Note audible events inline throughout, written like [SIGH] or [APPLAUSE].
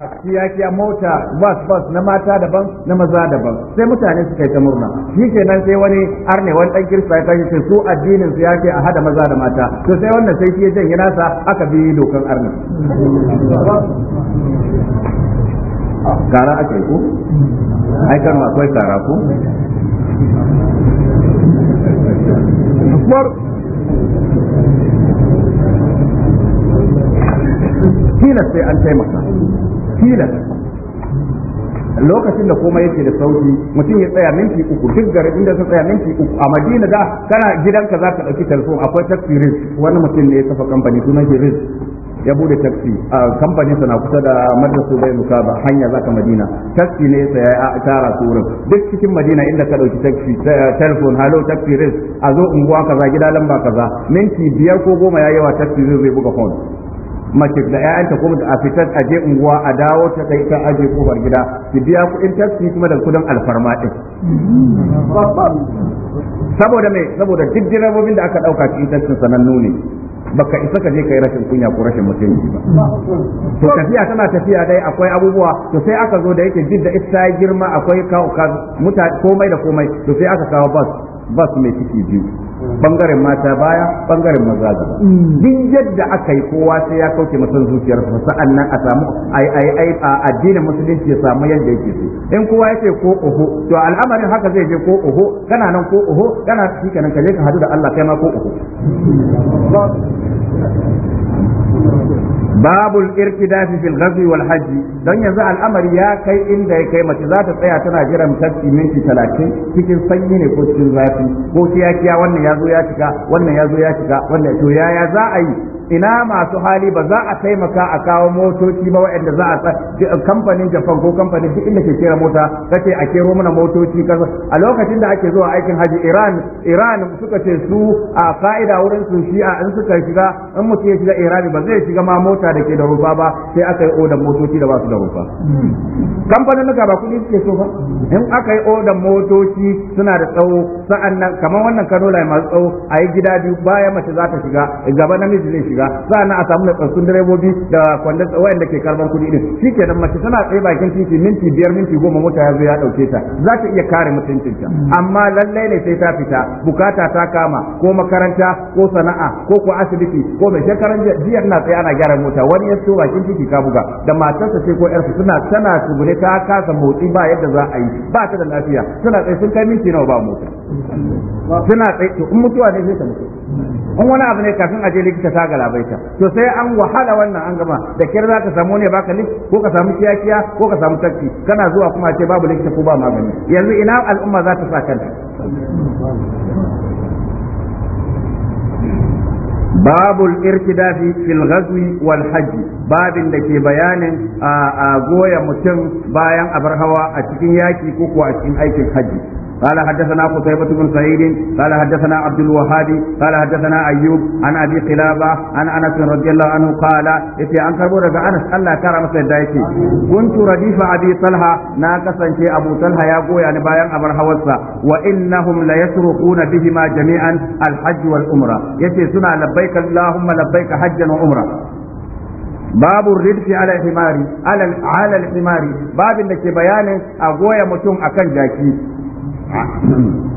a mota bas bas na mata daban na maza daban sai mutane suka yi ta murna shi kenan sai wani arne wani dan kirista ya tashi su addinin su yake a hada maza da mata to sai wannan sai shi ya yana nasa aka bi dokan arne kara ake ku? ai kan akwai kara ku? tilas sai an taimaka tilas lokacin da komai yake da sauki mutum ya tsaya minti uku duk garin inda ta tsaya minti uku a madina da kana gidanka za ka ɗauki telefon akwai taxi risk wani mutum ne ya kafa kamfani suna shi risk ya bude taxi a kamfanin sa na kusa da madrasu bai muka ba hanya ka madina taxi ne sai a tara su wurin duk cikin madina inda ka ɗauki taxi eh, telefon hello taxi risk a zo unguwa kaza gida lamba kaza minti biyar ko goma yi yawa taxi zai buga phone mace da ƴaƴanta ko da afitar a je unguwa a dawo ta kai ta aje kofar gida ki biya kuɗin taxi kuma da kudin alfarma din saboda me saboda duk da aka dauka cikin taxin sanannu ne baka isa ka je kai rashin kunya ko rashin mutunci ba to tafiya tana tafiya dai akwai abubuwa to sai aka zo da yake jidda isa girma akwai kawo komai da komai to sai aka kawo bas. ba su mai ciki biyu bangaren mata baya bangaren maza gaba duk yadda aka yi kowa sai ya kauce masan zuciyar sa sa'an nan a samu ai ai ai addinin musulunci ya samu yadda yake so in kowa yake ko oho to al'amarin haka zai je ko oho kana nan ko oho kana shi ka je ka hadu da Allah kai ma ko oho babul irkidafi fil ghazwi wal hajji don yanzu al'amari ya kai inda ya kai mace za ta tsaya tana jiran tafi minti talatin cikin sanyi ne ko cikin zafi ko kiyakiya wannan ya zo ya cika wannan ya zo ya cika wannan to yaya za a yi ina masu hali ba za a taimaka a kawo motoci ba wa'anda za a kamfanin Japan ko kamfanin duk inda ke kera mota kace a kero mana motoci kasa a lokacin da ake zuwa aikin haji Iran Iran suka ce su a fa'ida wurin su shi'a in suka shiga in mutum ya shiga Iran ba zai shiga ma mota da ke da rufa ba sai aka yi odan motoci da ba su da rufa kamfanin ba kuɗi suke so ba in aka yi odan motoci suna da tsawo sa'an nan kamar wannan Kano kanola masu tsawo a yi gida biyu baya mace za ta shiga gaba namiji zai shiga shiga sa'annan a samu natsatsun direbobi da kwandon da ke karban kuɗi din nan mace tana tsaye bakin titi minti biyar minti goma mota ya zo ya dauke ta za ta iya kare ta amma lallai ne sai ta fita bukata ta kama ko makaranta ko sana'a ko ko asibiti ko mai shekaran jiya na tsaye ana gyara mota wani ya so bakin titi ka buga da matarsa sai ko yarsa suna tana tsugune ta kasa motsi ba yadda za a yi ba ta da lafiya suna tsaye sun kai minti nawa ba mota suna tsaye to in mutuwa ne sai ta mutu in wani abu ne kafin a je likita ta galabaita to sai an wahala wannan an gama da kyar za ka samu ne baka lik ko ka samu kiyakiya ko ka samu takki kana zuwa kuma ce babu likita ko ba magani yanzu ina al'umma za ta sa kanta babul irtidafi fil ghazwi wal hajji babin da ke bayanin a goya mutum bayan bar hawa a cikin yaki ko kuwa a cikin aikin hajji قال حدثنا قتيبة بن سعيد قال حدثنا عبد الوهاب قال حدثنا أيوب عن أبي قلابة عن أنس رضي الله عنه قال إتي أن كبر أنس ألا ترى مثل دايتي كنت رديف أبي طلحة ناقصا شيء أبو طلحة يقول يعني بايع أبر حوصة وإنهم ليسرقون بهما جميعا الحج والأمرة يتي سنة لبيك اللهم لبيك حجا وأمرة babu ridfi ala himari ala al himari babin da ke bayanin a goya mutum akan jaki عقلا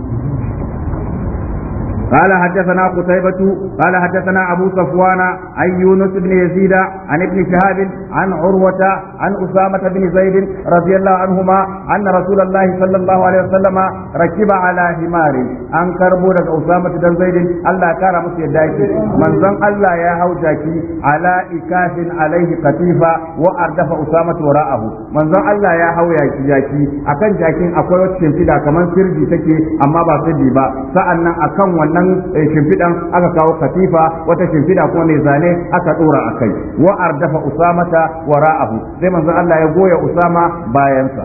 قال حدثنا قتيبة قال حدثنا أبو صفوان عن يونس بن يزيد عن ابن شهاب عن عروة عن أسامة بن زيد رضي الله عنهما أن رسول الله صلى الله عليه وسلم ركب على حمار أن كربونة أسامة بن زيد الله كان مسيدايك من زن الله يا هوجاكي على إكاف عليه قتيفة وأردف أسامة وراءه من زن الله يا هوجاكي أكن جاكين أقوى شمفدا كمان سرجي تكي أما با سرجي با سألنا أكن ون wannan eh, shimfidan aka kawo katifa wata shimfida ko ne zane aka ɗora a kai wa ardafa usamata wara'ahu sai manzon Allah ya goya usama bayansa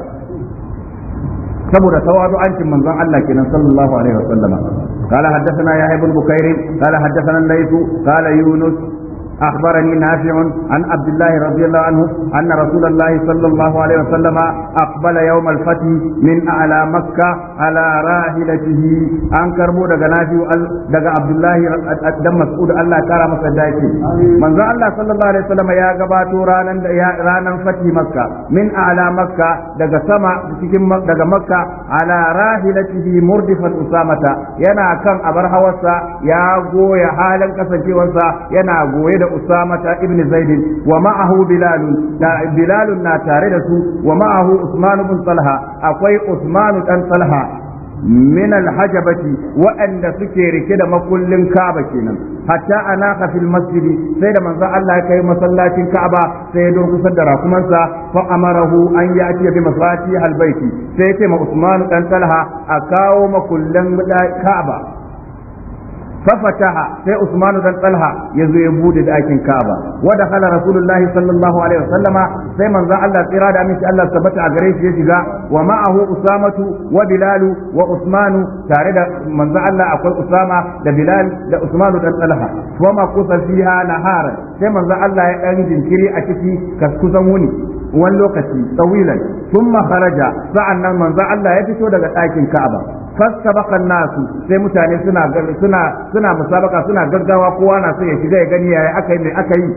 saboda ancin manzon Allah kenan sallallahu alaihi wasallama قال حدثنا يحيى بن بكير قال حدثنا الليث قال يونس أخبرني نافع عن عبد الله رضي الله عنه أن رسول الله صلى الله عليه وسلم أقبل يوم الفتح من أعلى مكة على راحلته أن كربو دقا نافع دقا عبد الله دم مسعود الله كرم مسجدائك من ذا الله صلى الله عليه وسلم يا قباتو رانا, رانا فتح مكة من أعلى مكة دقا سما دقا مكة على راحلته مردفا أسامة ينا كان أبرها وسا يا قوي حالا كسجي وسا ينا قوي da Usama ta Ibn wa ma'ahu Bilal na tare da su wa ma'ahu Usmanu ibn Talha akwai Usmanu dan Talha min hajabati waɗanda suke rike da makullin Kaaba kenan hatta anaka fil masjidi, sai da manzo Allah ya kai masallacin Kaaba sai don kusa da rakuman sa fa amarahu an yati bi masu al-bayt sai ya ce ma Usman dan Talha a kawo makullin Kaaba fafataha sai Usmanu dan tsalha ya zo ya bude ɗakin Ka'aba wa dakhala Rasulullahi sallallahu alaihi wasallama sai manzon Allah tsira da aminci Allah tabbata a gare shi ya shiga wa ma'ahu Usamatu wa Bilal wa Usmanu tare da manzon Allah akwai Usama da Bilal da Usmanu dan tsalha. wa ma kusa fiha nahara sai manzon Allah ya ɗan jinkiri a ciki kusan wuni wani lokaci tsawilan sun sa'an nan manzon Allah ya fito daga ɗakin Ka'aba an nasu sai mutane suna suna suna musabaka suna gaggawa kowa na so ya shiga ya gani yayi aka yi mai aka yi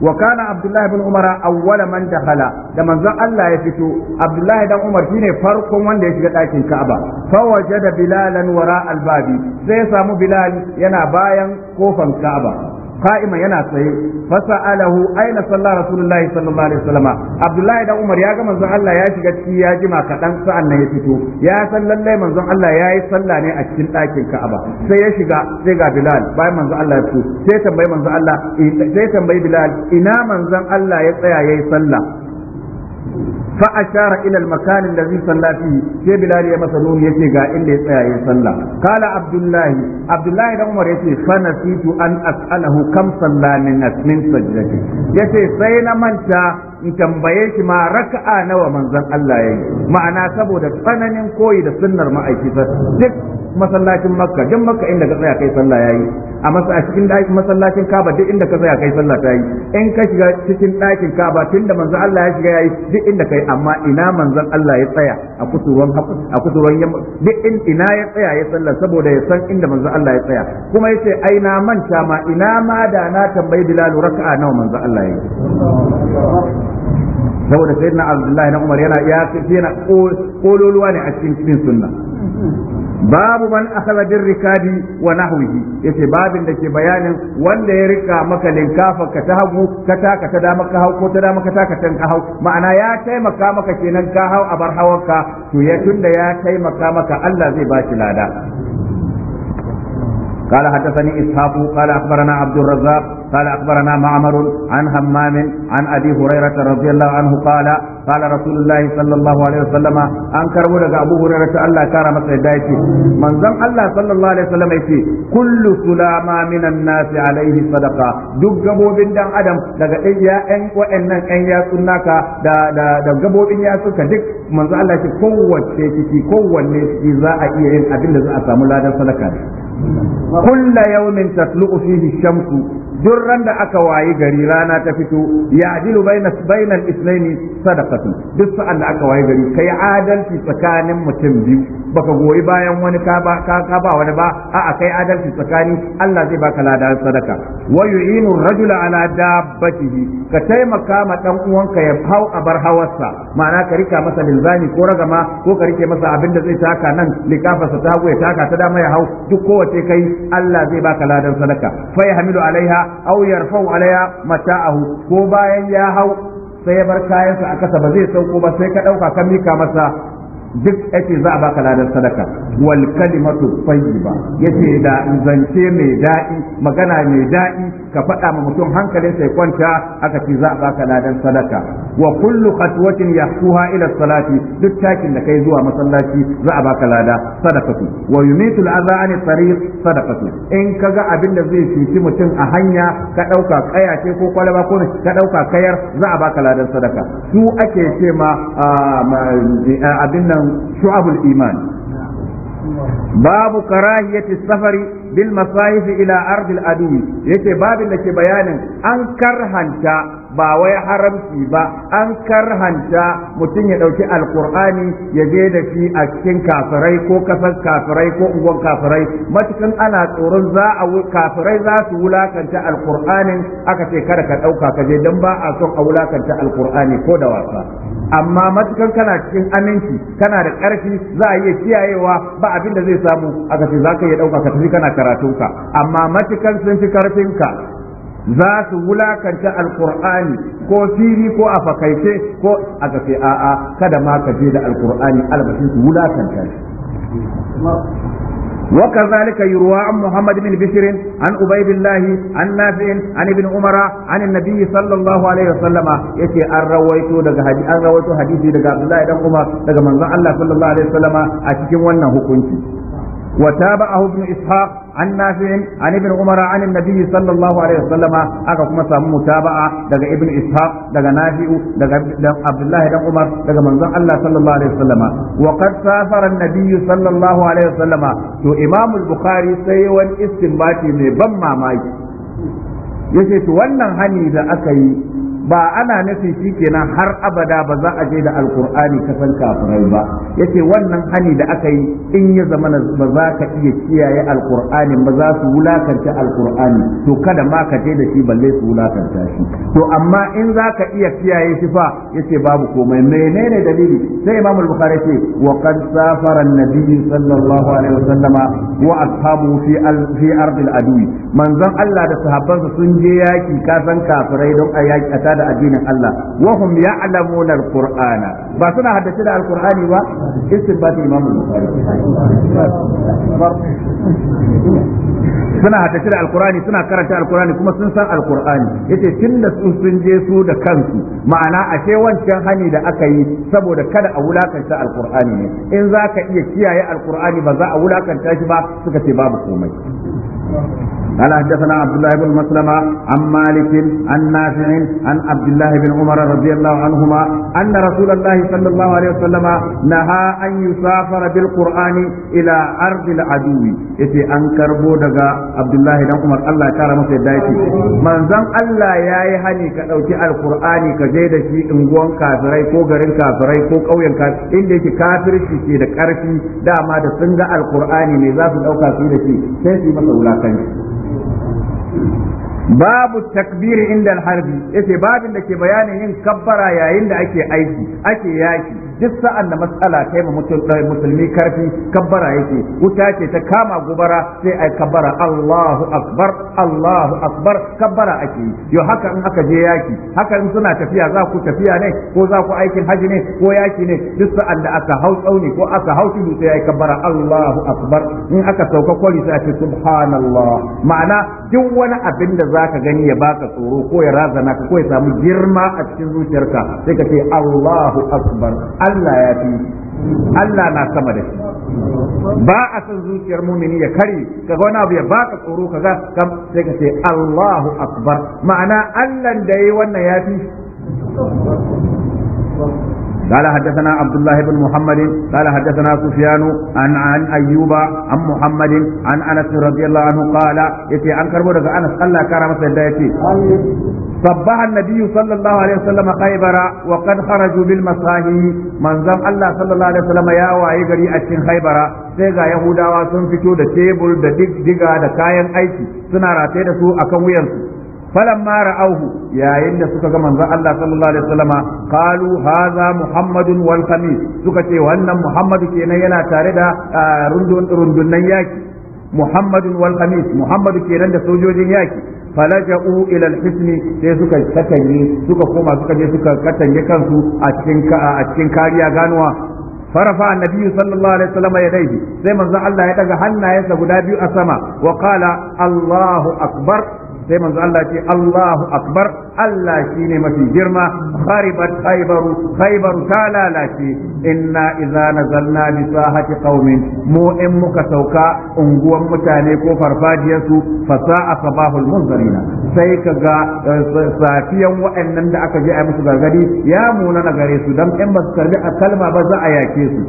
wa kana abdullahi bin umar awwala man dakhala da manzon Allah ya fito abdullahi dan umar shine farkon wanda ya shiga dakin ka'aba fa wajada bilalan wara albabi sai ya samu bilal yana bayan kofan ka'aba yana ينا تsaye fasa'alahu aina salla rasulullahi sallallahu alaihi wasallam abdullahi dan umar ya ga manzon Allah ya shiga ciki ya jima kaɗan sa'an nan ya fito ya san lallai manzon Allah ya yi salla ne a cikin ɗakin Ka'aba sai ya shiga sai ga Bilal bayan manzon Allah ya fito sai tambayi manzon Allah Bilal ina manzon Allah ya tsaya ya yi sallah فأشار إلى المكان الذي صلى فيه سي بلال يا مسنون يتي غا إن يتسايا صلى قال عبد الله عبد الله بن عمر يتي فنسيت أن أسأله كم صلى من من سجدته يتي سينا manta in tambaye shi ma raka'a nawa manzon Allah yayi ma'ana saboda tsananin koyi da sunnar ma'aikata duk masallacin makka duk makka inda ka tsaya kai sallah yayi a masa a cikin ɗakin masallacin kaba duk inda ka tsaya kai sallah ta yi in ka shiga cikin ɗakin kaba tunda manzo Allah ya shiga yayi duk inda kai amma ina manzon Allah ya tsaya a kusurwan a kusurwan yamma duk in ina ya tsaya ya sallar saboda ya san inda manzon Allah ya tsaya kuma yace ai na manta ma ina ma da na tambayi Bilal raka'a nawa manzon Allah ya yi? saboda sayyidina Abdullahi na Umar yana ya yana kololuwa ne a cikin sunna babu man akhadha bir rikadi wa nahwihi yace babin da ke bayanin wanda ya rika maka linkafa ka ta hagu ka ta ka ta dama ka hau ko ta dama ka ta ka tan hau ma'ana ya taimaka maka kenan ka hau a bar hawanka to ya tunda ya taimaka maka Allah zai baki lada قال حدثني إسحاق قال أخبرنا عبد الرزاق قال أخبرنا معمر عن همام عن أبي هريرة رضي الله عنه قال قال رسول الله صلى الله عليه وسلم أنكر ولد أبو هريرة الله كان مسعدايتي من زم الله صلى الله عليه وسلم يتي كل سلامة من الناس عليه صدقة دب جبو بن دم أدم لغا إيا إن وإن إن يا سنك دا دا دا جبو بن يا سنك دك من زم الله يتي قوة تيكي قوة نيسي زاء إيا إن أبن زاء سامو لا صدقة kulla yawmin tatlu'u fihi shamsu duk ran da aka wayi gari rana ta fito ya adilu baina bainal islaini duk sa'anda aka wayi gari kayi adalci tsakanin mutum biyu baka goyi bayan wani ka ba ka ba wani ba a'a kai adalci tsakani Allah zai baka ladan sadaka wa yu'inu rajula ala dabbatihi ka taimaka ma dan uwanka ya hau a bar hawarsa ma'ana ka rika masa linzani ko ragama ko ka rike masa abin da zai taka nan likafarsa ta hagu ya taka ta dama ya hau duk kowace kai Allah zai baka ladan sadaka fa yahmilu alaiha aw yarfa'u alaiha mata'ahu ko bayan ya hau sai ya bar kayansa a kasa ba zai sauko ba sai ka ɗauka ka mika masa duk yace za a baka ladan sadaka wal kalimatu tayyiba yace da zance mai daɗi magana mai daɗi ka faɗa ma mutum hankalin sai kwanta aka ce za a baka ladan sadaka wa kullu khatwatin yahsuha ila salati duk takin da kai zuwa masallaci za a baka lada sadakatu wa yumitu al-adha an tariq sadakatu in kaga abin da zai cuci mutum a hanya ka dauka kaya ce ko kwalaba ko ka dauka kayar za a baka ladan sadaka su ake ce ma ah, eh, abin nan shu'abul iman babu karahiyati safari bil masayif ila ardil adu yake babin da ke bayanin an karhanta ba wai haramci ba an karhanta mutum ya ɗauki alkur'ani ya je da shi a cikin kafirai ko kasar kafirai ko unguwan kafirai matukan ana tsoron za a kafirai za su wulakanta alkur'anin aka ce kada ka ɗauka ka je don ba a son a wulakanta alkur'ani ko da wasa amma matukan kana cikin aminci kana da ƙarfi za a iya kiyayewa ba abin da zai samu aka ce za ka iya ɗauka ka tafi kana karatunka amma matukan sun fi karfinka za su wulakanta alkur'ani ko fili ko a fakaice ko a kafe a'a kada ma ka je da alkur'ani albashin su wulakanta shi وكذلك يروى عن محمد بن بشر عن عبيد الله عن نافع عن ابن عمر عن النبي صلى الله عليه وسلم يتي ان رويتو hadisi an rawaito hadisi daga Abdullahi dan Umar daga manzon Allah sallallahu a cikin wannan hukunci وتابعه ابن إسحاق عن نافع عن ابن عمر عن النبي صلى الله عليه وسلم aka kuma samu mutaba'a daga ibn ishaq daga nafi'u daga abdullah dan umar daga manzon Allah sallallahu alaihi wasallam wa sallallahu alaihi wasallam to imamul al-bukhari sai wani istinbati mai ban mamaki ce to wannan hani da aka yi ba ana nufin shi kenan har abada ba za a je da alkur'ani ka san kafirai ba yace wannan hani da aka yi in ya zama ba za ka iya kiyaye alkur'ani ba za su wulakanta alkur'ani to kada ma ka je da shi balle su wulakanta shi to amma in za ka iya kiyaye shi fa yace babu komai menene dalili sai imamul bukhari ce wa qad safara an-nabi sallallahu alaihi wa ashabu fi fi ardil adwi manzon Allah da sahabbansa sun je yaki ka san kafirai don a yaki da addinin Allah wa hum ya'lamuna alqur'ana ba suna haddace da alqur'ani ba istinbati imam bukhari suna haddace da alqur'ani suna karanta alqur'ani kuma sun san alqur'ani yace tunda su sun je su da kansu ma'ana ashe wancan hani da aka yi saboda kada a wulakanta alqur'ani ne in zaka iya kiyaye alqur'ani ba za a wulakanta shi ba suka ce babu komai قال حدثنا عبد الله بن مسلمة عن مالك عن نافع عن عبد الله بن عمر رضي الله عنهما أن رسول الله صلى الله عليه وسلم نهى أن يسافر بالقرآن إلى أرض العدو يتي أنكر بودغا عبد الله بن عمر الله تعالى مسيدايتي من زم الله يا يهني كأوتي القرآن كجيد شيء انقوان كافرين كو غرين كافرين كو قوين كافرين إن ديك كافر شيء دا كارشي دا ما دا سنجا القرآن نزاف الأوكا في شيء سيسي مسؤولا كنشي babu takbiri inda alharbi yace babin da ke bayanin yin kabbara yayin da ake aiki ake yaki duk sa'an da matsala ta yi ma eh, musulmi karfi kabbara yake wuta ce ta kama gubara sai ai kabbara Allahu akbar Allahu akbar kabbara ake yi yo haka in aka je yaki haka in suna tafiya za ku tafiya ne ko za ku aikin haji ne ko yaki ne duk sa'an da aka hau tsauni ko aka hau tudu sai ai kabbara Allahu akbar in aka sauka kwari sai ce subhanallah ma'ana duk wani abin da zaka gani ya baka tsoro ko ya razana ka ko ya samu girma a cikin zuciyarka sai ka ce Allahu akbar Allah ya fi Allah na sama da shi ba a san zuciyar mumini ya kare kaga wani abu ya baka tsoro kaga kam sai ka ce Allahu akbar ma'ana Allah da yayi wannan ya fi قال حدثنا عبد الله بن محمد قال حدثنا سفيان عن عن ايوب عن محمد عن انس رضي الله عنه قال يتي ان كربو daga ana Allah kara masa صبح النبي صلى الله عليه وسلم خيبر وقد خرجوا بالمصاهي من زم الله صلى الله عليه وسلم يا واي غري اتشين خيبر sai ga yahudawa sun fito da tebur da diga da kayan aiki suna rataye da su akan wuyansu falan mara auhu, yayin da suka ga manzon Allah sallallahu alaihi wasallama qalu hadha muhammadun wal khamis suka ce wannan muhammadu kenan yana tare da rundun rundunan yaki muhammadun muhammadu kenan da sojojin yaki falaja'u ilal hisni sai suka katanye suka koma suka je suka katanye kansu a cikin a cikin kariya ganuwa farafa annabi'u sallallahu alaihi wasallam ya daidi sai manzo Allah ya ɗaga hannayensa guda biyu a sama wa qala Allahu akbar sai manzo Allah ce Allahu akbar Allah ne mafi girma kharibat khaybaru khaybaru ta lalace inna idza nazalna bi sahati qaumin mu in muka sauka unguwan mutane ko farfajiyar su fasa'a sabahul munzarina sai kaga eh, safiyan waɗannan da aka je a musu gargadi ya muna na gare su dan in ba su karbi a kalma ba za a yake su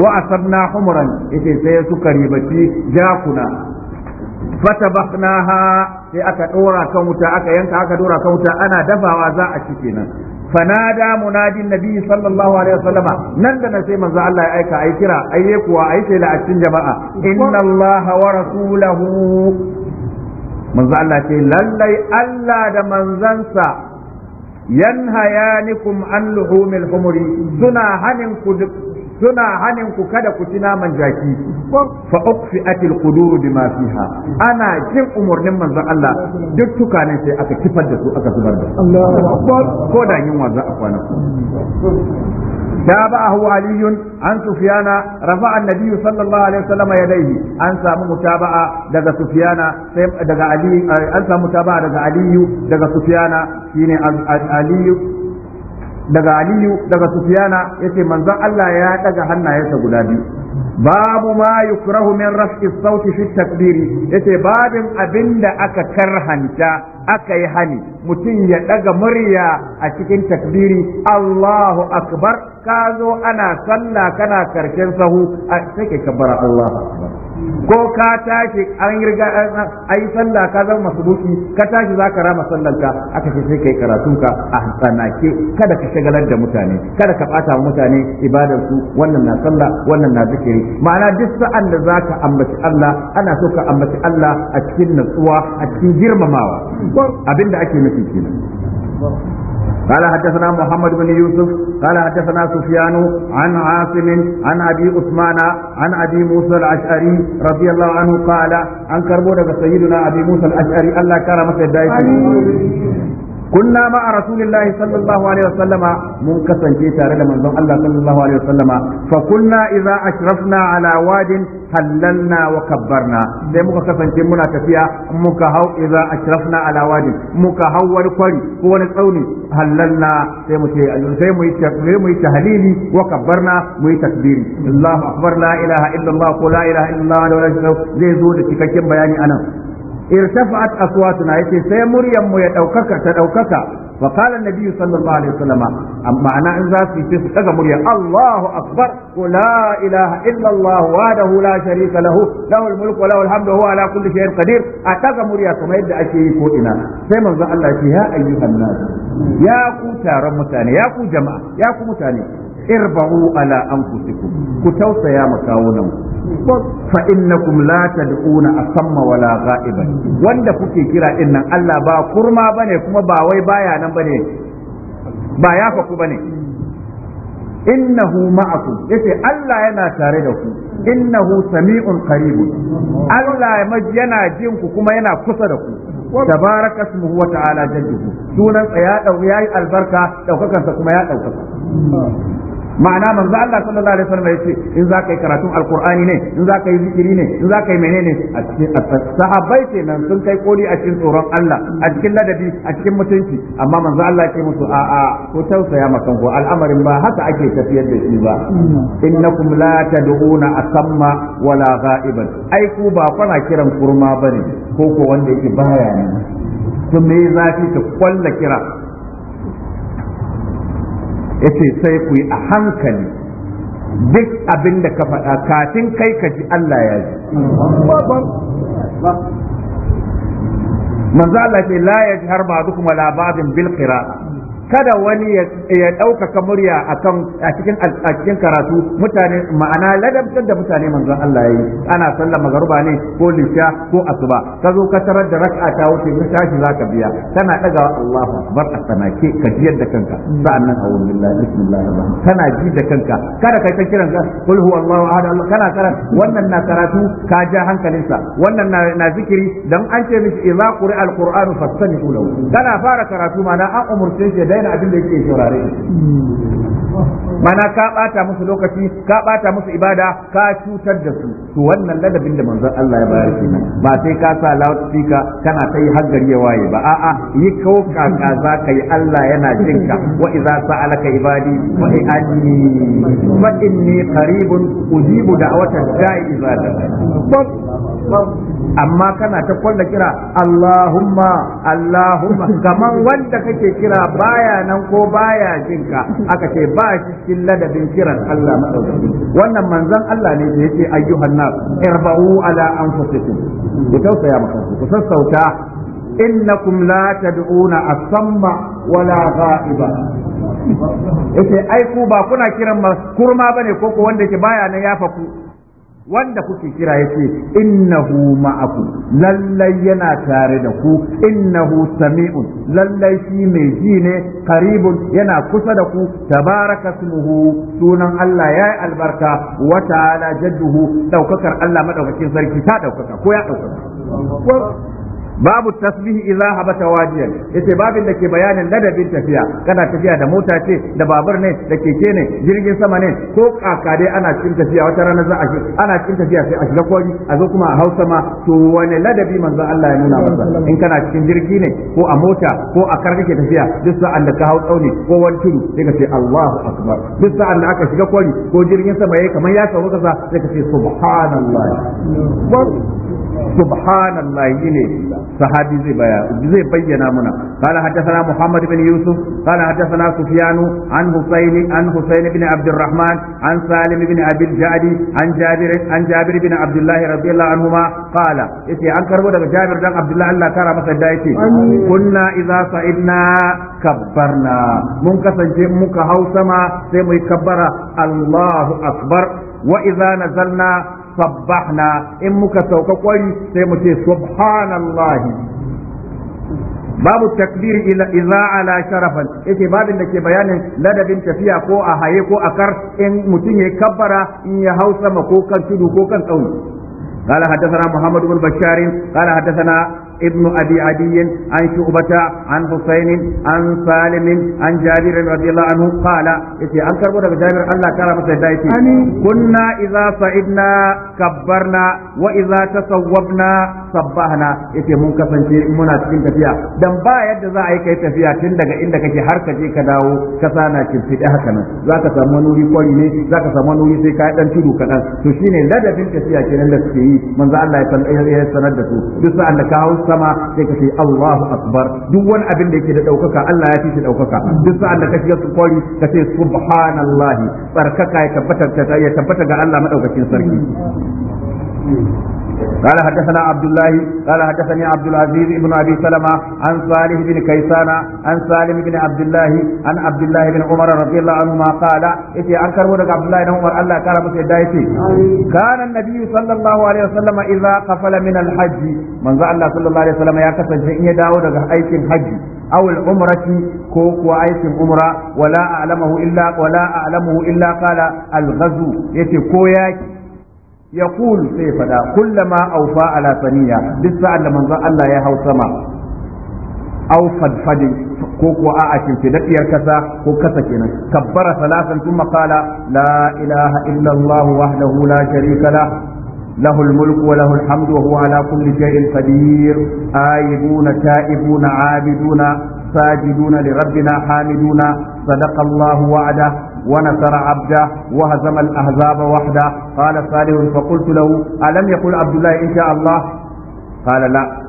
wa asabna humuran yace sai suka ribaci jakuna fatabaknaha sai aka dora kan wuta aka yanka aka dora kan wuta ana dafawa za a ci kenan fanada munadin nabi sallallahu alaihi wasallama nan da sai manzo Allah ya aika ai kira ai kuwa ai sai a cikin jama'a inna Allah wa rasulahu manzo Allah ce lallai Allah da manzansa yanhayanikum an luhumil humuri suna hanin ku suna hanin ku kada ku ci naman jaki fa uqfi'atil qudur bima fiha ana cin umurnin manzo Allah duk tukanin sai aka kifar da su aka zubar da Allahu akbar ko da yunwa za a kwana تابعه علي عن سفيان رفع النبي صلى الله عليه وسلم يديه أن متابعة دغ سفيان دغ علي أن متابعة علي سفيان علي daga aliyu daga sufyana yace manzon Allah ya daga hannayensa guda biyu babu ma yukrahu min raf'i sauti fi takbiri yace babin abinda aka karhanta aka yi hani mutum ya daga murya a cikin takbiri Allahu akbar ka zo ana sallah kana karshen sahu a sai ka kabbara Allah ko ka tashi an riga an yi sallah ka zama masbuki ka tashi zaka rama sallanka ka aka ce sai kai yi ka a tsanake kada ka shagalar da mutane kada ka bata mutane ibadar su wannan na sallah wannan na zikiri ma'ana duk sa'an da zaka ambaci Allah ana so ka ambaci Allah a cikin natsuwa a cikin girmamawa abinda ake nufi kenan قال حدثنا محمد بن يوسف قال حدثنا سفيان عن عاصم عن ابي عثمان عن ابي موسى الاشعري رضي الله عنه قال عن كربو سيدنا ابي موسى الاشعري الله كرمه الدايس kunna ma'a rasulillahi sallallahu alaihi wasallama mun kasance tare da manzon Allah sallallahu alaihi wasallama fa kunna idza ashrafna ala wadin hallalna wa kabbarna sai muka kasance muna tafiya muka hau idza ashrafna ala wadin muka hau wani kwari ko wani tsauni hallalna sai mu yi sai tahlili wa kabbarna mu yi takbiri Allahu akbar la ko la ilaha zai zo da cikakken bayani anan irtafa'at aswatuna yace sai muryan mu ya daukaka ta daukaka fa qala an-nabi sallallahu alaihi wasallam amma ana in za su yi daga murya Allahu akbar la ilaha illa Allah wahdahu la sharika lahu lahu al-mulku wa lahu al-hamdu huwa ala kulli shay'in qadir a daga murya kamar yadda ake yi ko ina sai manzon Allah ce ya ayyuhan nas ya ku taron mutane ya ku jama'a ya ku mutane irba'u ala anfusikum ku tausaya ma kawunan fa innakum la tad'una asamma wala ghaiba wanda kuke kira din Allah ba kurma bane kuma ba wai baya nan bane ba ya ku bane innahu ma'akum yace Allah yana tare da ku innahu sami'un qarib Allah yana jin ku kuma yana kusa da ku tabaraka ismuhu wa ta'ala jadduhu sunan ya dauki yayi albarka daukakansa kuma ya daukaka ma'ana manzo Allah sallallahu alaihi wasallam yace in za ka yi karatun alqur'ani ne in za ka yi zikiri ne in za ka yi menene a cikin sahabbai nan sun kai koli a cikin tsoron Allah a cikin ladabi a cikin mutunci amma manzo Allah yake musu a a ko tausaya maka ko al'amarin ba haka ake tafiyar da shi ba innakum la tad'una asamma wala ghaiban ai ku ba kwana kiran kurma bane ko ko wanda yake baya ne to me zafi ka kwalla kira yace sai ku yi a hankali duk abin da ka faɗa kafin kai ka ji Allah ya ji manzo Allah ce la yajhar ba'dukum la ba'din bil qira'a kada wani ya ɗaukaka murya a cikin a cikin karatu mutane ma'ana ladabtar da mutane manzon Allah yi. ana sallar magaruba ne ko lisha ko asuba ka zo ka tarar da raka'a ta wuce ka tashi zaka biya kana daga Allahu akbar a sanake ka ji da kanka sa'annan a'udhu billahi bismillahir rahman kana ji da kanka kada kai ta kiran ka kul huwallahu ahad Allah kana karan wannan na karatu ka ja hankalinsa wannan na zikiri dan an ce mishi idza quri'a alqur'anu fastami'u lahu kana fara karatu ma na an umurce shi da daina abin da yake saurare mana ka bata musu lokaci ka bata musu ibada ka cutar da su to wannan ladabin da manzon Allah ya bayar kenan ba sai ka sa loudspeaker kana ta yi haggari ya waye ba a'a yi kauka ka za ka yi Allah yana jin ka wa idza sa'alaka ibadi wa anni fa inni qaribun ujibu da'watad da'i idza amma kana ta kwalla kira Allahumma Allahumma [LAUGHS] kaman wanda kake kira baya nan ko baya jinka aka ce ba shi cikin ladabin kiran Allah madaukaki wannan manzon Allah ne da yake ayyuhan nas irba'u ala anfusikum ku tausaya maka ku sassauta innakum la tad'una as-samma wala ghaiba yace ai ku ba kuna kiran kurma bane ko ko wanda yake baya nan ya faku wanda kuke kira yace innahu ma'aku lallai yana tare da ku innahu sami'un lallai shi mai ji ne karibun yana kusa da ku tabaraka smuhu sunan Allah ya yi albarka wa ta'ala jadduhu daukakar Allah madaukakin sarki ta daukaka ko ya daukaka babu tasbihi idza habata wadiyan yace babin da ke bayanin ladabin tafiya kana tafiya da mota ce da babur ne da keke ne jirgin sama ne ko kaka dai ana cikin tafiya wata rana za a ana cikin tafiya sai a shiga kwari a zo kuma a hausa ma to wani ladabi manzo Allah ya nuna masa in kana cikin jirgi ne ko a mota ko a kar kake tafiya duk sa'an da ka hau tsauni ko wani tudu sai ka ce Allahu akbar duk sa'an da aka shiga kwari ko jirgin sama yayi kamar ya sauka kasa sai ka ce subhanallah subhanallah ne sahabi zai baya zai bayyana muna qala hadathana muhammad bin yusuf qala hadathana sufyan an husayn an husayn bin abd الرحمن عن سالم بن ابي الجعد عن جابر عن جابر بن عبد الله رضي الله عنهما قال يتي عن كربو daga جابر بن عبد الله الله كرم Kunna يتي كنا اذا صعدنا كبرنا mun kasance muka hau sama sai mu kabbara Allahu akbar wa idza sabbahna in muka sauka kwari sai mu ce subhanallahi babu takbiri ila idza ala sharafan yake babin da ke bayanin ladabin tafiya ko a haye ko a kar in mutum ya kabbara in ya hausa ma ko kan tudu ko kan tsauni قال حدثنا محمد بن ابن أبي عدي عن شعبة عن حسين عن سالم عن جابر رضي الله عنه قال إتي أنكر بودا جابر الله كرم سيدايتي كنا إذا صعدنا كبرنا وإذا تصوبنا sabbahna yace mun kasance muna cikin tafiya dan ba yadda za a yi kai tafiya tun daga inda kake har ka je ka dawo ka sana kirtide haka nan zaka samu nuri kwari ne zaka samu nuri sai ka ɗan tudu kaɗan. to ne ladabin tafiya nan da suke yi manzo Allah ya sanar da su duk sa'an da ka hau sama sai ka ce Allahu akbar duk wani abin da yake da daukaka Allah ya fi shi daukaka duk sa'an da ka shiga kwari ka ce subhanallahi tsarkaka ya tabbata ya tabbata ga Allah madaukakin sarki قال حدثنا عبد الله قال حدثني عبد العزيز بن ابي سلمه عن صالح بن كيسان عن سالم بن عبد الله عن عبد الله بن عمر رضي الله عنهما قال اتي عن كربون عبد الله بن عمر الله كان مسيدايتي كان النبي صلى الله عليه وسلم اذا قفل من الحج من زعل الله صلى الله عليه وسلم يا كسن ان يداو daga aikin haji أو العمرة كوك وأيس عمرة ولا أعلمه إلا ولا أعلمه إلا قال الغزو يتي كوياك yaqul sai fada kullama awfa ala saniya duk sa'an da manzon Allah ya hau sama aw fadfadin ko ko a a kinke dadiyar kasa ko kasa kenan kabbara salasan thumma qala la ilaha illa allah wahdahu la sharika la له الملك وله الحمد وهو على كل شيء قدير آيبون تائبون عابدون ساجدون لربنا حامدون صدق الله وعده ونصر عبده وهزم الأحزاب وحده قال صالح فقلت له ألم يقل عبد الله إن شاء الله قال لا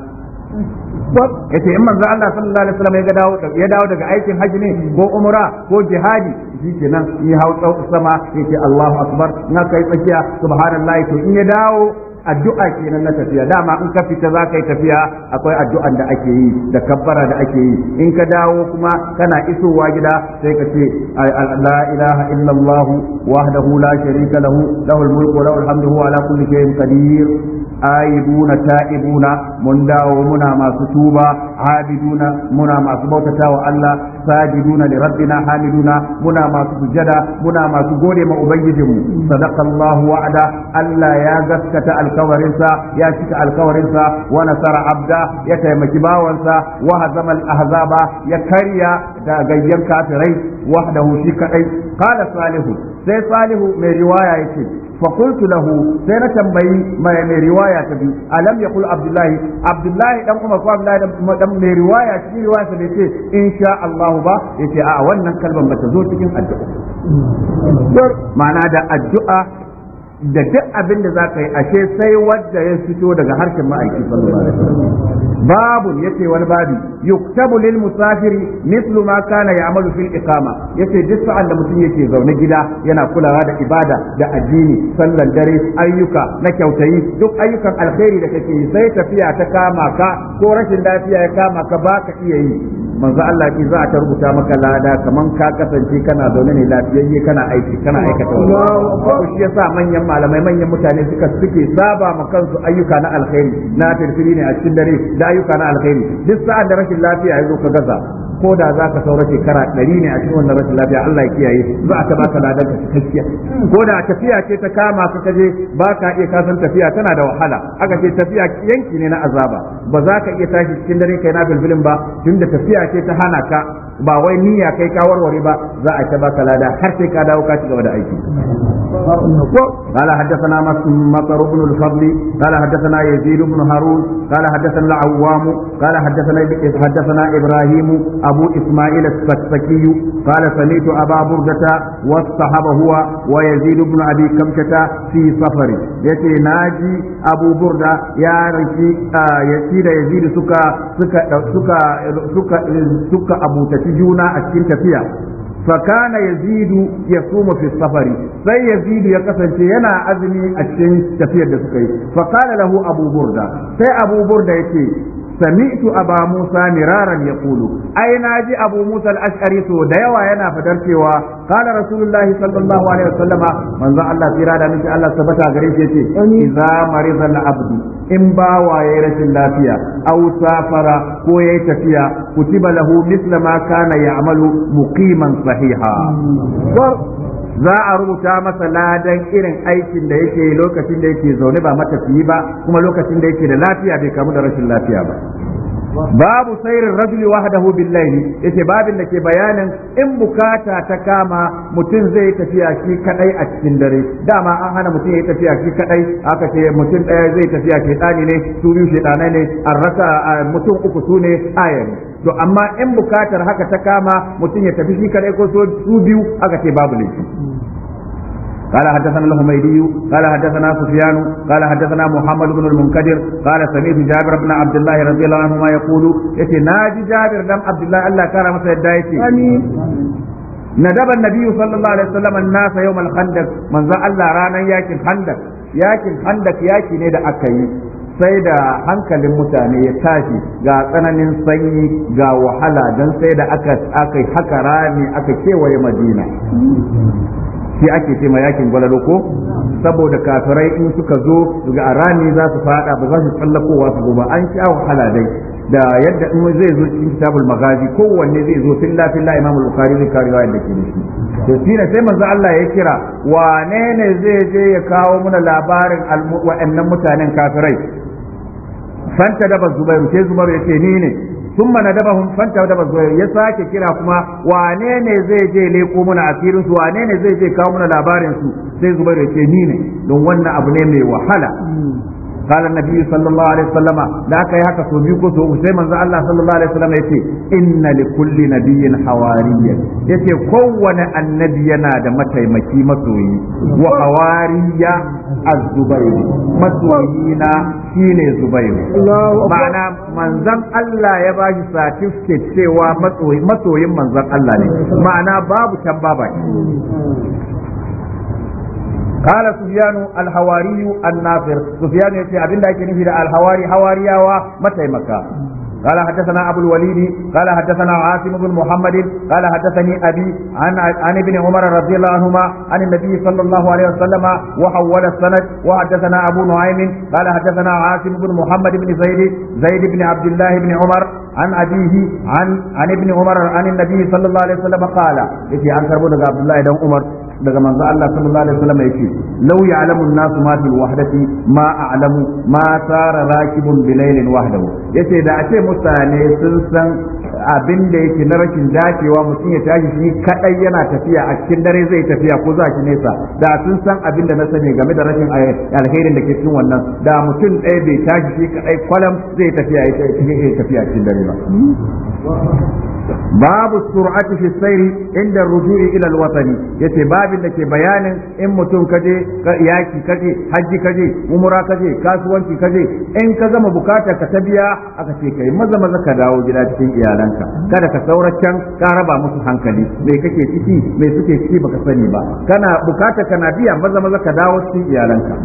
yace in manzo Allah sallallahu alaihi wasallam ya dawo ya dawo daga aikin hajji ne ko umra ko jihadi shi nan ya hau sama yace Allahu akbar na kai tsakiya subhanallahi to in ya dawo addu'a kenan na tafiya dama in ka fita za ka yi tafiya akwai addu'an da ake yi da kabbara da ake yi in ka dawo kuma kana isowa gida sai ka ce la ilaha illallah wahdahu la sharika lahu lahul mulku wa huwa ala kulli shay'in qadir aibuna ta'ibuna mun dawo muna masu tuba abiduna muna masu bautatawa Allah sajiduna li rabbina hamiduna muna masu sujada muna masu gode ma ubangijinmu sadaqallahu wa'ada Allah ya gaskata alkawarinsa ya cika alkawarinsa wa nasara abda ya taimaki bawansa wa hazama ahzaba ya karya da gayyan kafirai wahdahu shi kadai qala salihu sai salihu mai riwaya yake فقلت له سينا تنبي riwaya من رواية تبي ألم يقول عبد الله عبد الله دم عمر عبد الله دم من رواية في رواية إن شاء الله samu ba ce a wannan kalban bata zo cikin addu'a ma'ana da addu'a da duk abin da za ka yi ashe sai wadda ya fito daga harshen ma'aiki sallallahu alaihi babu yace wani babi yuktabu lil musafiri mislu ma kana ya'malu fil iqama yace duk sa'an da mutum yake zaune gida yana kulawa da ibada da addini sallan dare ayyuka na kyautayi duk ayyukan alkhairi da kake yi sai tafiya ta kama ka ko rashin lafiya ya kama ka ba ka iya yi manzo Allah ki za a ta rubuta maka lada kaman ka kasance kana zaune ne lafiyayye kana aiki kana aikata wani shi yasa manyan malamai manyan mutane suka suke saba ma kansu ayyuka na alkhairi na tarfiri ne a cikin dare da ayyuka na alkhairi duk sa'an da rashin lafiya ya zo ka gaza ko da za ka saura shekara ɗari ne a cikin wannan rashin lafiya Allah ya kiyaye za ta baka ladan ta cikakkiya ko da tafiya ce ta kama ka kaje ba ka iya kasan tafiya tana da wahala aka ce tafiya yanki ne na azaba ba za ka iya tashi cikin dare kai na filfilin ba tunda tafiya ce ta hana ka ba wai niyya kai ka warware ba za a ta baka lada har sai ka dawo ka ci gaba da aiki قال حدثنا مطر بن الفضل قال حدثنا يزيد بن هارون قال حدثنا العوام قال حدثنا حدثنا ابراهيم ابو اسماعيل السكسكي قال سمعت ابا برده والصحابه هو ويزيد بن ابي كمشه في سفر يتي ناجي ابو برده يا رشي يزيد سكا سكا سكا سكا, سكا, سكا ابو ribaci juna a cikin tafiya fakana yazidu ya suma fi safari sai yazidu ya kasance yana azumi a cikin tafiyar da suka yi fakana lahu abu burda sai abu burda yake sami'tu aba musa miraran kulu." ai ji abu musa al so da yawa yana fadar cewa qala rasulullahi sallallahu alaihi wasallama manzo Allah tsira da miki Allah tabbata gare shi ya ce mariza al-abdu in ba waye rashin lafiya aw safara ko yayi tafiya kutiba lahu misla ma kana ya'malu muqiman sahiha za a rubuta masa ladan irin aikin da yake lokacin da yake zaune ba matafiyi ba kuma lokacin da yake da lafiya bai kamu da rashin lafiya ba babu sairin rajuli wahdahu billahi yace babin da ke bayanin in bukata ta kama mutum zai tafiya shi kadai a cikin dare dama an hana mutum ya tafiya shi kadai aka ce mutum daya zai tafiya shedani ne su biyu shedanai ne an rasa mutum uku su ne ayani to amma in bukatar haka ta kama mutum ya tafi shi kadai ko su biyu aka ce babu laifi قال حدثنا الحميدي قال حدثنا سفيان قال حدثنا محمد بن المنكدر قال سمعت جابر بن عبد الله رضي الله عنهما يقول يتي ناجي جابر بن عبد الله الله كان مسا يدايتي امين ندب النبي صلى الله عليه وسلم الناس يوم الخندق من ذا الله رانا ياكل خندق yakin handak yaki ne da aka yi sai da hankalin mutane ya tashi ga tsananin sanyi ga wahala don sai da aka aka haka rami aka kewaye madina shi ake ce ma yakin gwalalo ko saboda kafirai in suka zo daga arani za su fada ba za su tsallakowa su ba an sha wahala dai da yadda in zai zo cikin kitabul magazi kowanne zai zo filla filla imamu bukhari zai kare wayar da ke da to shine sai manzo Allah ya kira wane ne zai je ya kawo muna labarin wa'annan mutanen kafirai fanta da zubairu sai zubairu ya ce ni ne Sun mana fanta daba bazuwa ya sake kira kuma wane ne zai je leko muna asirin su wane ne zai je kawo muna labarin su sai zubar da ce ni ne don wannan abu ne mai wahala qala an-nabi sallallahu alaihi wasallam da aka yi haka so biyu ko so uku sai manzo Allah sallallahu alaihi wasallam yace inna li kulli nabiyyin hawariyyan yace kowane annabi yana da mataimaki masoyi wa hawariya az-zubayr masoyina shine zubairu ma'ana manzon Allah ya bashi certificate cewa masoyin manzon Allah ne ma'ana babu قال سفيان الحواري الناصر سفيان يتي أبن دايك نفيد الحواري حواريا ومتى مكة قال حدثنا أبو الوليد قال حدثنا عاصم بن محمد قال حدثني أبي عن عن ابن عمر رضي الله عنهما عن النبي صلى الله عليه وسلم وحول السند وحدثنا أبو نعيم قال حدثنا عاصم بن محمد بن زيد زيد بن عبد الله بن عمر عن أبيه عن عن ابن عمر عن النبي صلى الله عليه وسلم قال إتي عن كربون عبد الله بن عمر daga manzo Allah sallallahu alaihi wasallam yace law ya'lamu an-nasu ma fil wahdati ma a'lamu ma sara rakibun bilailin wahdahu yace da a ce mutane sun san abin da yake na rashin dacewa mutum ya tashi shi kadai yana tafiya a cikin dare zai tafiya ko za ki nesa da sun san abin da na sani game da rashin alherin da ke cikin wannan da mutum ɗaya bai tashi shi kadai kwalam zai tafiya ya tafiya cikin dare ba babu sur'ati fi sayri inda ruju'i ila alwatani yace babin da ke bayanin in mutum kaje yaki kaje haji kaje umra kaje kasuwanci kaje in ka gama bukatar ka ta biya aka ce kai maza maza ka dawo gida cikin iyalanka kada ka saura ka raba musu hankali me kake ciki me suke ciki baka sani ba kana bukata kana biya maza maza ka dawo cikin iyalanka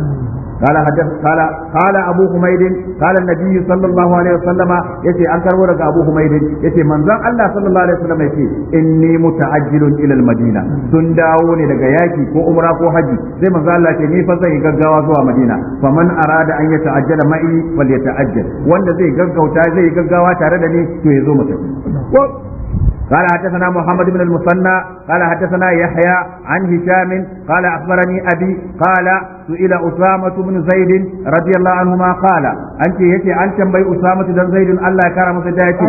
قال حدث قال قال ابو حميد قال النبي صلى الله عليه وسلم يتي ان كربو daga ابو حميد يتي منزل الله صلى الله عليه وسلم يتي اني متعجل الى المدينه sun dawo ne daga yaki ko umra ko haji sai manzo Allah ce ni fa zai gaggawa zuwa madina faman arada an yata'ajjala ma'i falyata'ajjal wanda zai gaggauta zai gaggawa tare da ni to yazo mu tafi قال حدثنا محمد بن المثنى قال حدثنا يحيى عن هشام قال اخبرني ابي قال سئل أسامة بن زيد رضي الله عنهما قال أنت يتي أن تنبي أسامة بن زيد الله كرم سداتي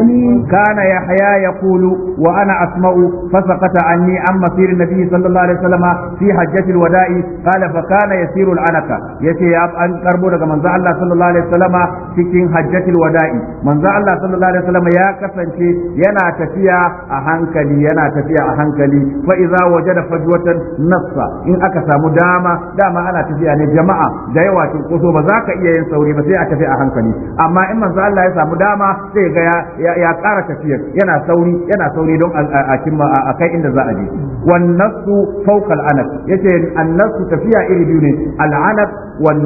كان يحيى يقول وأنا أسمع فسقط عني عن مسير النبي صلى الله عليه وسلم في حجة الوداع قال فكان يسير العنك يتي أن كربو لك من الله صلى الله عليه وسلم في حجة الوداع من الله صلى الله عليه وسلم يا كسنتي ينا تفيا أهنكلي ينا تفيا أهنكلي فإذا وجد فجوة نصا إن أكسى مدامة دام أنا تفيا mutane jama'a da yawa kin koso ba za ka iya yin sauri ba sai a tafi a hankali amma in manzo Allah ya samu dama sai ga ya ya ƙara tafiyar yana sauri yana sauri don a cimma a kai inda za a je wannasu nasu fawqa al-anaf yace an tafiya iri biyu ne al-anaf wan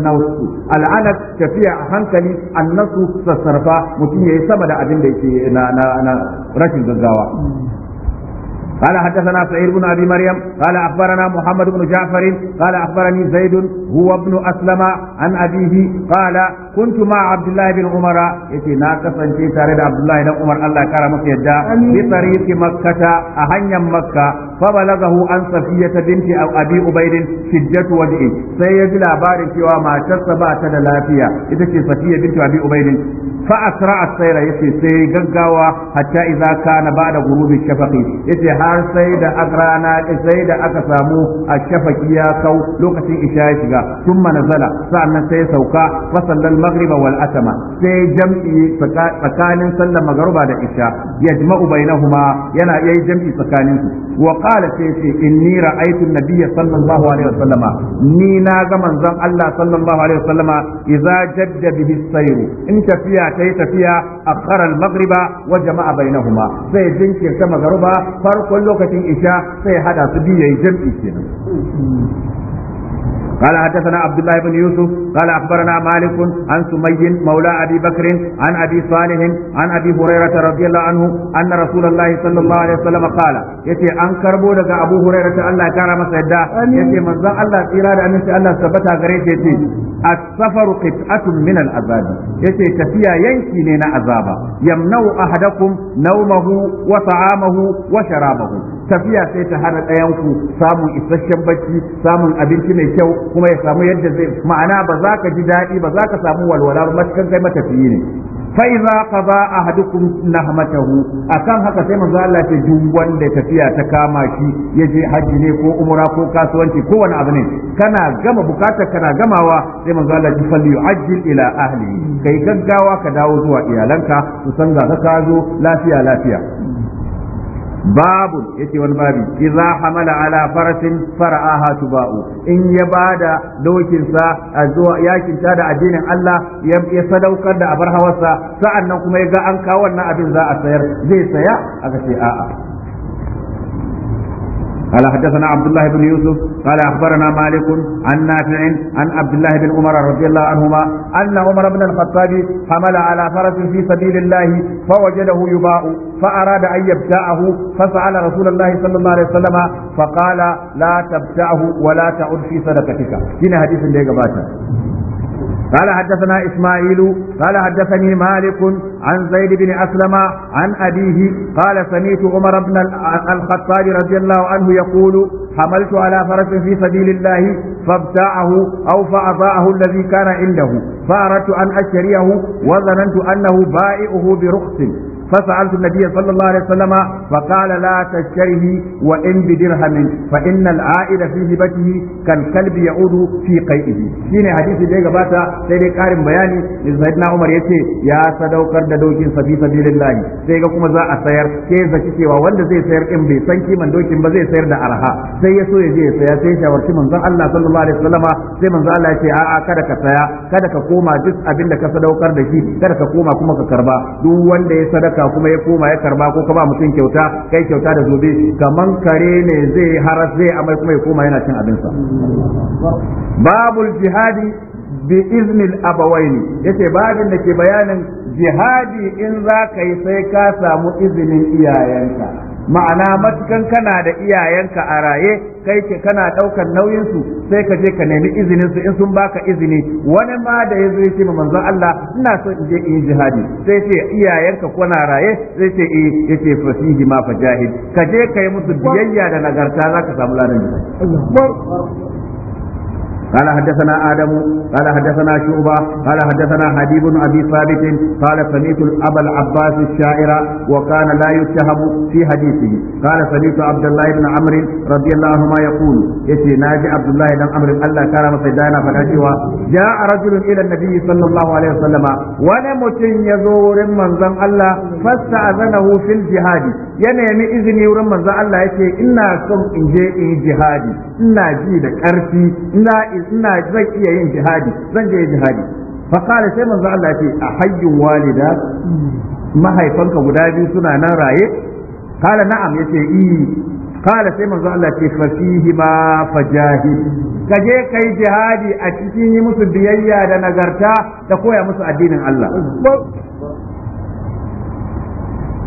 tafiya a hankali an nasu sassarfa mutum yi sama da abin da yake rashin gaggawa قال حدثنا سعيد بن ابي مريم قال اخبرنا محمد بن جعفر قال اخبرني زيد هو ابن اسلم عن ابيه قال كنت مع عبد الله بن عمر يتي نا كسانتي تare da Abdullah بن Umar Allah kara masa yadda bi tariqi Makkah a hanyar Makka fa balagahu an Safiyata binti Abi Ubayd shiddatu wadi sai ya ji labarin cewa matarsa ba ta da lafiya ita ce Safiya binti Abi Ubayd fa asra'a sayra yace sai gaggawa hatta idza kana ba'da ghurubi shafaqi yace har an sai da rana sai da aka samu a shafaki ya kau lokacin isha ya shiga sun manazala sa'annan sai ya sauka fa sallal wal asama sai jam'i tsakanin sallar magruba da isha yajma'u bainahuma yana yayi jam'i tsakanin su wa qala sai ce inni ra'aytu nabiyya sallallahu alaihi wasallama ni na ga manzon Allah sallallahu alaihi wasallama idza jadda bihi sayr in tafiya tayi tafiya akhara al magriba wa jama'a bainahuma sai jinkirta magruba farko lokacin isha sai hada su biyu yayi jam'i kenan قال حدثنا عبد الله بن يوسف قال اخبرنا مالك عن سمي مولى ابي بكر عن ابي صالح عن ابي هريره رضي الله عنه ان رسول الله صلى الله عليه وسلم قال يتي ان كربو دغ ابو هريره الله كان مسا يدا يتي منزل الله تيرا da aminci Allah tabbata gare shi yace as-safaru qit'atun min al-azab yace tafiya yanki ne na azaba yamnau ahadakum nawmahu wa ta'amahu wa sharabahu tafiya sai ta hana ɗayanku samun isasshen bacci samun abinci mai kyau kuma ya samu yadda zai ma'ana ba za ka ji daɗi ba za ka samu walwala ba kan kai matafiyi ne faiza ka a hadukun nahmatahu a kan haka sai manzo Allah ji wanda tafiya ta kama shi ya je hajji ne ko umura ko kasuwanci ko wani abu ne kana gama bukatar kana gamawa sai manzo Allah ya ji falli yu'ajjil ila ahli kai gaggawa ka dawo zuwa iyalanka su san za ka zo lafiya lafiya babu yace wani babi idza hamala ala farasin fara'aha tuba'u in ya bada dokin sa zuwa yakin da addinin Allah ya sadaukar da a bar hawarsa sa'annan kuma ya ga an kawo wannan abin za a sayar zai saya aka ce a'a قال حدثنا عبد الله بن يوسف قال اخبرنا مالك عن نافع عن عبد الله بن عمر رضي الله عنهما ان عمر بن الخطاب حمل على فرس في سبيل الله فوجده يباع فاراد ان يبتاعه فسال رسول الله صلى الله عليه وسلم فقال لا تبتاعه ولا تعد في صدقتك هنا حديث ده قال حدثنا إسماعيل قال حدثني مالك عن زيد بن أسلم عن أبيه قال سمعت عمر بن الخطاب رضي الله عنه يقول حملت على فرس في سبيل الله فابتاعه أو فأضاعه الذي كان عنده فأردت أن أشتريه وظننت أنه بائعه برخص فسألت النبي صلى الله عليه وسلم فقال لا تشتره وإن بدرهم فإن العائد في هبته كالكلب يعود في قيئه شيني حديث دي غباتا سيدي كارم بياني سيدنا عمر ya يا صدوكر دوكين في سبيل الله sai ga kuma za a sayar sai ya zaki cewa wanda zai sayar in bai san kiman dokin ba zai sayar da arha sai ya so ya je ya saya sai ya shawarci manzon Allah sallallahu alaihi wasallama sai manzon Allah ya ce a'a kada ka saya kada ka koma duk abin da ka sadaukar da shi kada ka koma kuma ka karba duk wanda ya sadaka sadaka kuma ya koma ya karba ko ka ba mutum kyauta kai kyauta da zobe kaman kare ne zai haras zai amai kuma ya koma yana cin abinsa babul jihadi bi iznil abawaini yace babin da ke bayanin jihadi in za ka yi sai ka samu izinin iyayenka ma'ana matukan kana da iyayenka a raye kai ke kana ɗaukan nauyinsu sai ka je ka nemi izinin su in sun baka izini wani ma da ya zai ce ma manzon Allah ina so in je in jihadi sai ce iyayenka ko na raye sai ce eh yace fasihi ma fajahid ka je kai musu biyayya da nagarta zaka samu ladan jihadi قال حدثنا آدم قال حدثنا شعبة قال حدثنا حبيب بن أبي ثابت قال سمعت أبا العباس الشاعر وكان لا يتهم في حديثه قال سمعت عبد الله بن عمرو رضي الله عنهما يقول يتي ناجي عبد الله بن عمرو الله كرم سيدنا فكشوا جاء رجل إلى النبي صلى الله عليه وسلم ونمت يزور من ذن الله فاستأذنه في الجهاد ينمي izini wurin manzo Allah yace ina son in je in jihadi ina ji da ƙarfi ina ina zan iya yin jihadi zan je jihadi fa kala sai manzo Allah ya ce a hayyun walida mahaifanka guda biyu suna nan raye kala na'am yace i kala sai manzo Allah ya ce fa fihi ma fajahid kaje kai jihadi a cikin yi musu biyayya da nagarta da koya musu addinin Allah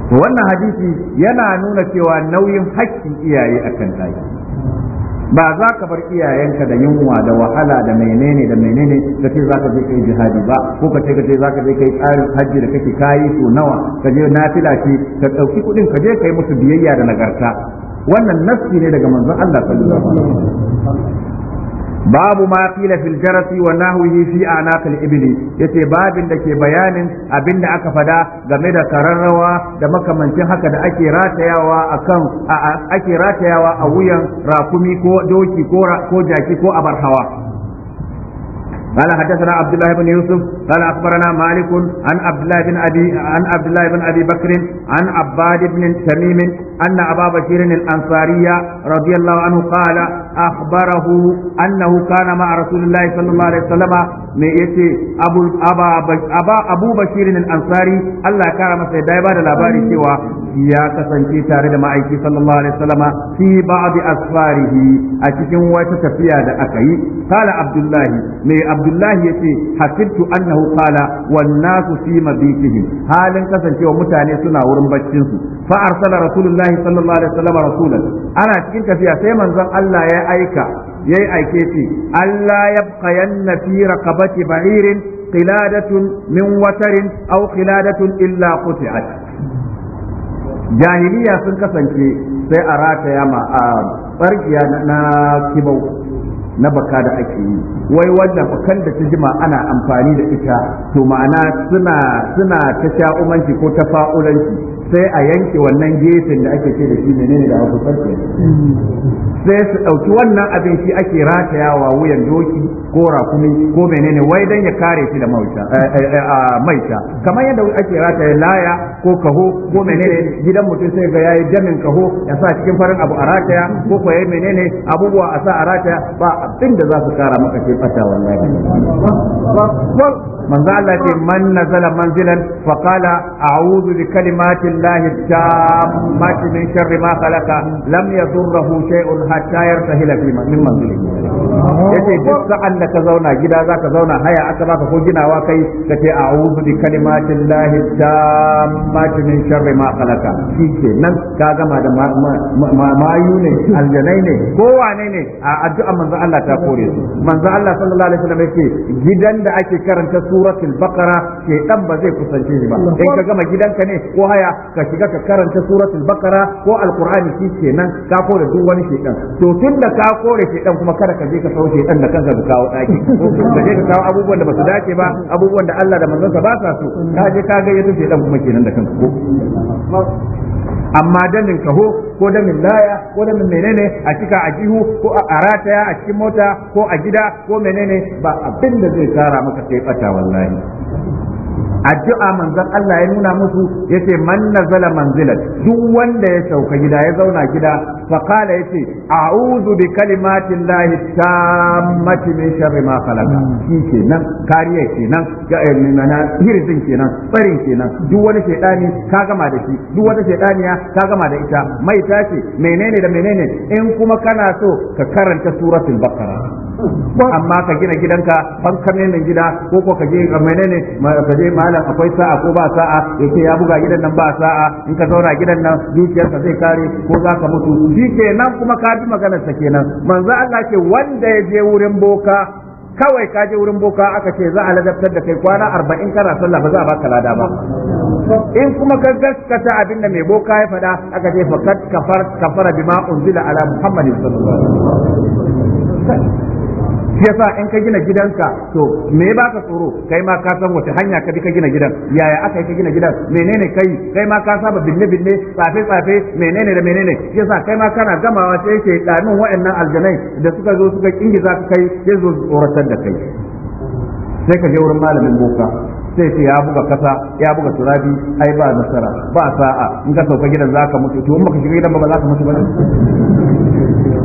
wannan hadisi yana nuna cewa nauyin hakkin iyaye akan ɗaya ba za ka bar iyayenka da yunwa da wahala da menene da menene ka ce za ka je kai jihadi ba ko ka ce ka ce za ka je kai tsarin hajji da kake kayi so nawa ka je nafila ce ka ɗauki kuɗin ka je kai musu biyayya da nagarta wannan nafsi ne daga manzon Allah sallallahu alaihi wasallam babu ma qila fil jarati wa nahwihi fi ibili ibli yace babin da ke bayanin abin da aka fada game da kararrawa da makamancin haka da ake ratayawa akan ake ratayawa a wuyan rakumi ko doki ko ko jaki ko abar hawa قال حدثنا عبد الله بن قال أخبرنا مالك عن عبد الله بن أبي عن عبد الله بن أبي بكر عن عباد بن تميم أن أبا بشير الأنصاري رضي الله عنه قال أخبره أنه كان مع رسول الله صلى الله عليه وسلم ميتي أبو أبا أبا أبو بشير الأنصاري الله كان مسيدا بعد الأباري سوى يا كسنتي تارد ما أيتي صلى الله عليه وسلم في بعض أسفاره أتكن وتتفيا أكي قال عبد الله مي عبد الله يتي حسبت أنه annahu qala wan nasu fi mabitihim halin kasancewa mutane suna wurin baccin su fa arsala rasulullahi sallallahu alaihi wasallam rasulan ana cikin tafiya sai manzon Allah ya aika yayi aike shi Allah yabqayanna fi raqabati ba'irin qiladatun min watarin aw qiladatun illa quti'at jahiliya sun kasance sai a rataya ma a barkiya na kibau na baka da ake yi wai wannan bakan da ta jima ana amfani da ita to ma'ana suna suna ta sha'umanci ko ta fa'ulanci sai a yanke wannan gefen da ake ce da shi menene da abu sarki sai su ɗauki wannan abin shi ake ratayawa wuyan doki ko rakumi ko menene wai dan ya kare shi da eh, eh, eh, maita kamar yadda ake rataya laya ko kaho ko menene gidan mutum sai ga yayi jamin kaho ya sa cikin farin abu a rataya ko ko yayi menene abubuwa a sa a rataya ba abin da za su kara maka ce fata wallahi manzo Allah ce man nazala manzilan faqala a'udhu bi kalimatin الله التامة من شر ما خلق لم يضره شيء حتى يرتهل في من منزله yace duk sa'an da ka zauna gida za ka zauna haya aka baka ko ginawa kai ka ce a'udhu bi kalimatin lahi tammati min sharri ma khalaqa shike nan ka gama da mayu ne aljanai ne ko wane ne a addu'a manzu Allah ta kore su manzu Allah sallallahu alaihi wasallam yace gidan da ake karanta suratul baqara ke dan ba zai kusance shi ba in ka gama gidanka ne ko haya ka shiga ka karanta suratul baqara ko alqur'ani shike nan ka kore duk wani shedan to tunda ka kore shedan kuma kada ka je ka ka kawo ɗan da kansa su kawo daki ka je ka kawo abubuwan da ba su dace ba abubuwan da Allah da manzonsa ba sa so ka je ka ga yadda ɗan kuma kenan da kanka ko amma danin kaho ko damin laya ko damin menene a cika a jihu ko a rataya a cikin mota ko a gida ko menene ba abin da zai kara maka sai bata wallahi addu'a manzon Allah ya nuna musu yace man nazala manzilat duk wanda ya sauka gida ya zauna gida fa qala yace a'udhu bi kalimatin llahi tammati min sharri ma khalaqa hmm. shi kenan kariya kenan ga eh, ayyana hirzin kenan tsarin kenan duk wani shedani ka gama da shi duk wata shedaniya ka gama da ita mai tashi menene da menene in kuma kana so ka karanta suratul baqara amma ka gina gidanka bankar ne gida ko ko ka je menene ka je malam akwai sa'a ko ba sa'a yace ya buga gidan nan ba sa'a in ka zauna gidan nan ka zai kare ko za ka mutu shi kenan kuma ka ji maganar sa kenan manzo Allah ce wanda ya je wurin boka kawai ka je wurin boka aka ce za a ladabtar da kai kwana arba'in kana sallah ba za a baka lada ba in kuma ka gaskata abin da mai boka ya faɗa aka ce fakat kafar kafara bima unzila ala muhammadin sallallahu alaihi wasallam shi yasa in ka gina gidanka to me baka tsoro kai ma ka san wata hanya ka bi ka gina gidan yaya aka yi ka gina gidan menene kai kai ma ka saba binne binne tsafe tsafe menene da menene shi yasa kai ma kana gamawa sai ke ɗanin waɗannan aljanai da suka zo suka kingiza ka kai sai zo tsoratar da kai sai ka je wurin malamin boka sai ce ya buga kasa ya buga turabi ai ba nasara ba sa'a in ka sauka gidan zaka mutu to in baka shiga gidan ba za ka mutu ba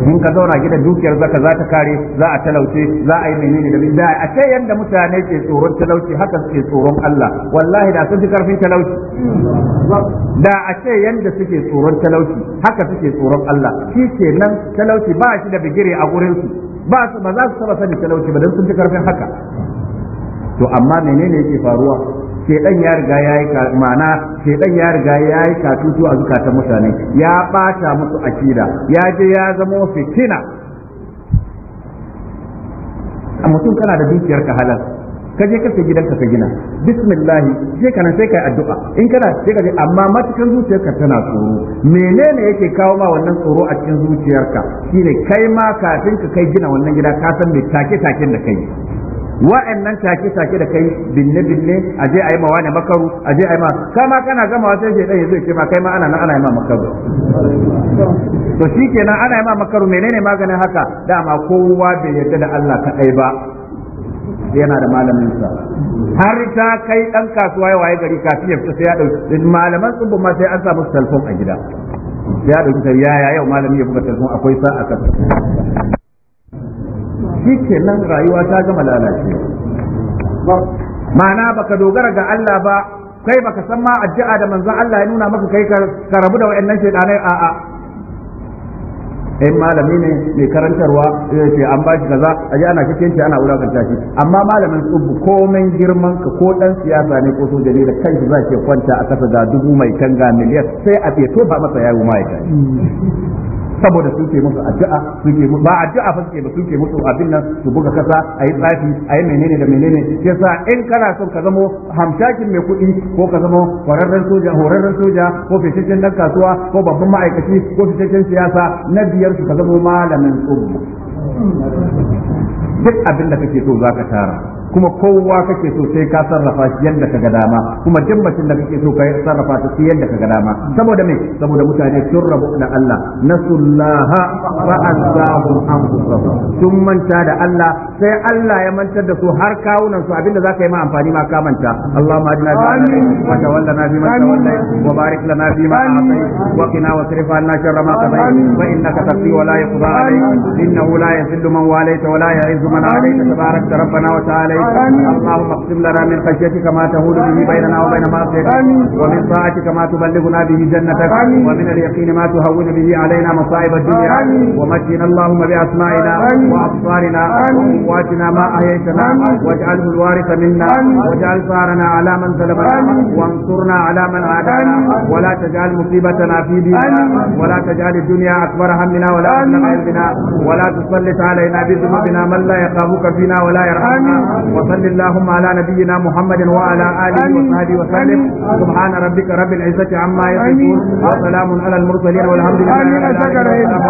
in ka zauna gidan dukiyar zaka za ta kare za a talauce za a yi menene da bin a ce yanda mutane ke tsoron talauci haka suke tsoron Allah wallahi da sun fi karfin talauci da a ce yanda suke tsoron talauci haka suke tsoron Allah shi ke nan talauci ba shi da bigire a gurin su ba su ba za su taba sani talauci ba dan sun fi karfin haka to amma menene yake faruwa shedan ya riga ya yi ma'ana shedan ya riga ya yi katutu a zukatan mutane ya bata musu akida ya je ya zama fitina a mutum kana da dukiyar ka halal ka je gidanka ka gina bismillah je kana sai kai addu'a in kana sai ka je amma matukan zuciyarka tana tsoro menene yake kawo ma wannan tsoro a cikin zuciyarka shine kai ma kafin ka kai gina wannan gida ka san me take taken da kai wa'annan take take da kai binne binne a je a yi mawa ne makaru a je a yi ma kama kana gama sai shi dai zai ce ma kai ma ana nan ana yi ma makaru to shikenan ana yi ma makaru menene maganin haka dama kowa bai yarda da Allah kadai ba yana da malaminsa har ta kai dan kasuwa ya waye gari kafin ya fita sai ya dauki malaman tsubbu ma sai an samu telefon a gida Sai ya dauki sai yaya yau malami ya buga telefon akwai sa'a kasa shi nan rayuwa ta gama lalace, ma'ana baka dogara ga Allah ba kai baka san ma addu'a da manzon Allah ya nuna maka kai ka rabu da wayannan shedanai a a in malami ne mai karantarwa ya ce an bashi kaza a ji ana cikin shi ana wulakanta shi amma malamin tsubu komai girman ka ko dan siyasa ne ko soja da kanki za ke kwanta a kasa da dubu mai kanga miliyan sai a feto ba masa yawo ma'aikata saboda sun ke musu addu'a sun ke ba addu'a fa suke ba ke musu abin nan su buga kasa ayi tsafi yi menene da menene sa in kana son ka zamo hamshakin mai kuɗi ko ka zamo kwararren soja horarren soja ko fitaccen dan kasuwa ko babban ma'aikaci ko fitaccen siyasa na biyar su ka zamo malamin tsoro duk abin da kake so zaka tara kuma kowa kake so sai ka sarrafa shi yadda ka ga dama kuma duk mutum da kake so ka sarrafa ta shi yadda ka ga dama saboda me saboda mutane sun rabu da Allah nasullaha fa azahum anfusahum sun manta da Allah sai Allah ya mantar da su har kawunan su abinda zaka yi ma amfani ma ka manta Allahumma ajina fi wa tawallana fi ma tawallai wa barik lana fi ma a'tayt wa qina wa sarif anna sharra ma qadayt fa innaka taqdi wa la yuqda alayk innahu la yadhillu man walayta wa la yu'izzu man adayt tabarakta rabbana wa ta'ala اللهم اقسم لنا من خشيتك ما تهول به بيننا وبين معصيتك ومن طاعتك ما تبلغنا به جنتك ومن اليقين ما تهون به علينا مصائب الدنيا ومجنا اللهم بأسمائنا وأبصارنا وقواتنا ما أحييتنا واجعله الوارث منا واجعل ثارنا على من ظلمنا وانصرنا على من عادانا ولا تجعل مصيبتنا في ديننا ولا تجعل الدنيا أكبر همنا ولا اكبر علمنا ولا تسلط علينا بذنوبنا من لا يخافك فينا ولا يرحمنا وصل اللهم على نبينا محمد وعلى آله وصحبه وسلم سبحان ربك رب العزة عما يصفون وسلام على المرسلين والحمد لله